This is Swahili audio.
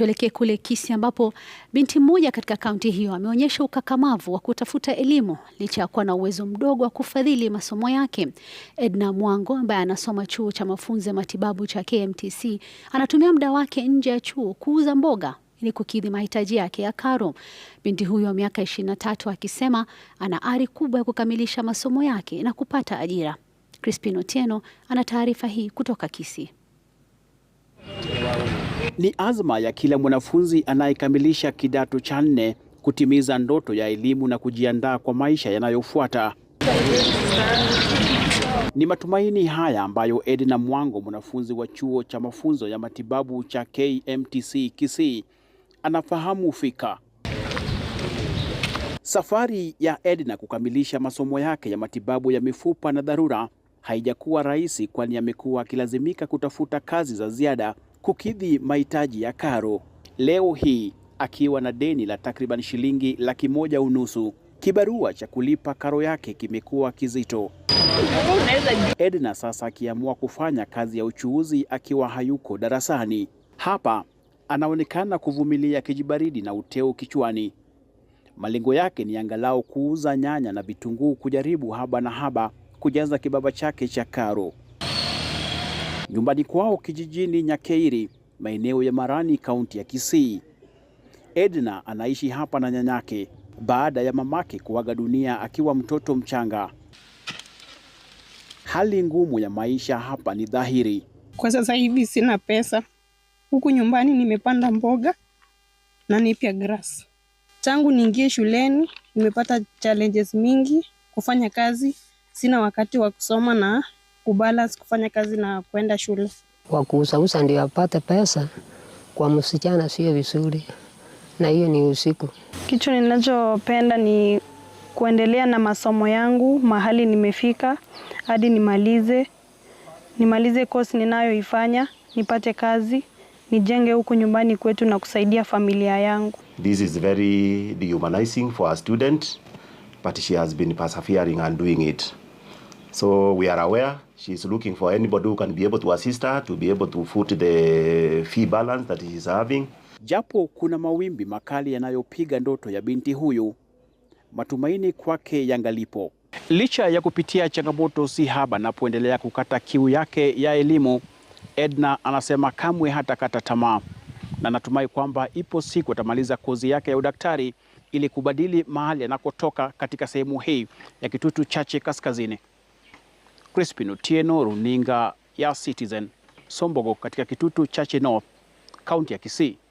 Tuelekee kule Kisii ambapo binti mmoja katika kaunti hiyo ameonyesha ukakamavu wa kutafuta elimu licha ya kuwa na uwezo mdogo wa kufadhili masomo yake. Edna Mwango ambaye anasoma chuo cha mafunzo ya matibabu cha KMTC anatumia muda wake nje ya chuo kuuza mboga ili kukidhi mahitaji yake ya karo. Binti huyo wa miaka 23 akisema ana ari kubwa ya kukamilisha masomo yake na kupata ajira. Crispin Otieno ana taarifa hii kutoka Kisii. Ni azma ya kila mwanafunzi anayekamilisha kidato cha nne kutimiza ndoto ya elimu na kujiandaa kwa maisha yanayofuata. Ni matumaini haya ambayo Edna Mwango, mwanafunzi wa chuo cha mafunzo ya matibabu cha KMTC Kisii, anafahamu fika. Safari ya Edna kukamilisha masomo yake ya matibabu ya mifupa na dharura haijakuwa rahisi, kwani amekuwa akilazimika kutafuta kazi za ziada kukidhi mahitaji ya karo. Leo hii akiwa na deni la takriban shilingi laki moja unusu, kibarua cha kulipa karo yake kimekuwa kizito. Edna sasa akiamua kufanya kazi ya uchuuzi akiwa hayuko darasani. Hapa anaonekana kuvumilia kijibaridi na uteo kichwani. Malengo yake ni angalau kuuza nyanya na vitunguu, kujaribu haba na haba kujaza kibaba chake cha karo nyumbani kwao kijijini Nyakeiri, maeneo ya Marani, kaunti ya Kisii. Edna anaishi hapa na nyanyake baada ya mamake kuaga dunia akiwa mtoto mchanga. Hali ngumu ya maisha hapa ni dhahiri. Kwa sasa hivi sina pesa, huku nyumbani nimepanda mboga na napiga grass. Tangu niingie shuleni nimepata challenges mingi, kufanya kazi, sina wakati wa kusoma na kubalance kufanya kazi na kwenda shule. Kwa kuusausa ndio apate pesa, kwa msichana sio vizuri, na hiyo ni usiku. Kitu ninachopenda ni kuendelea na masomo yangu mahali nimefika hadi nimalize, nimalize kosi ninayoifanya, nipate kazi, nijenge huku nyumbani kwetu na kusaidia familia yangu. This is very dehumanizing for a student, but she has been persevering and doing it. So we are aware is looking for anybody who can be able to assist her to be able to foot the fee balance that is having. Japo kuna mawimbi makali yanayopiga ndoto ya binti huyu, matumaini kwake yangalipo. Licha ya kupitia changamoto si haba na kuendelea kukata kiu yake ya elimu, Edna anasema kamwe hata kata tamaa na anatumai kwamba ipo siku atamaliza kozi yake ya udaktari ili kubadili mahali anakotoka katika sehemu hii ya Kitutu Chache Kaskazini. Crispin Otieno, runinga ya Citizen, Sombogo katika Kitutu Church North, kaunti ya Kisii.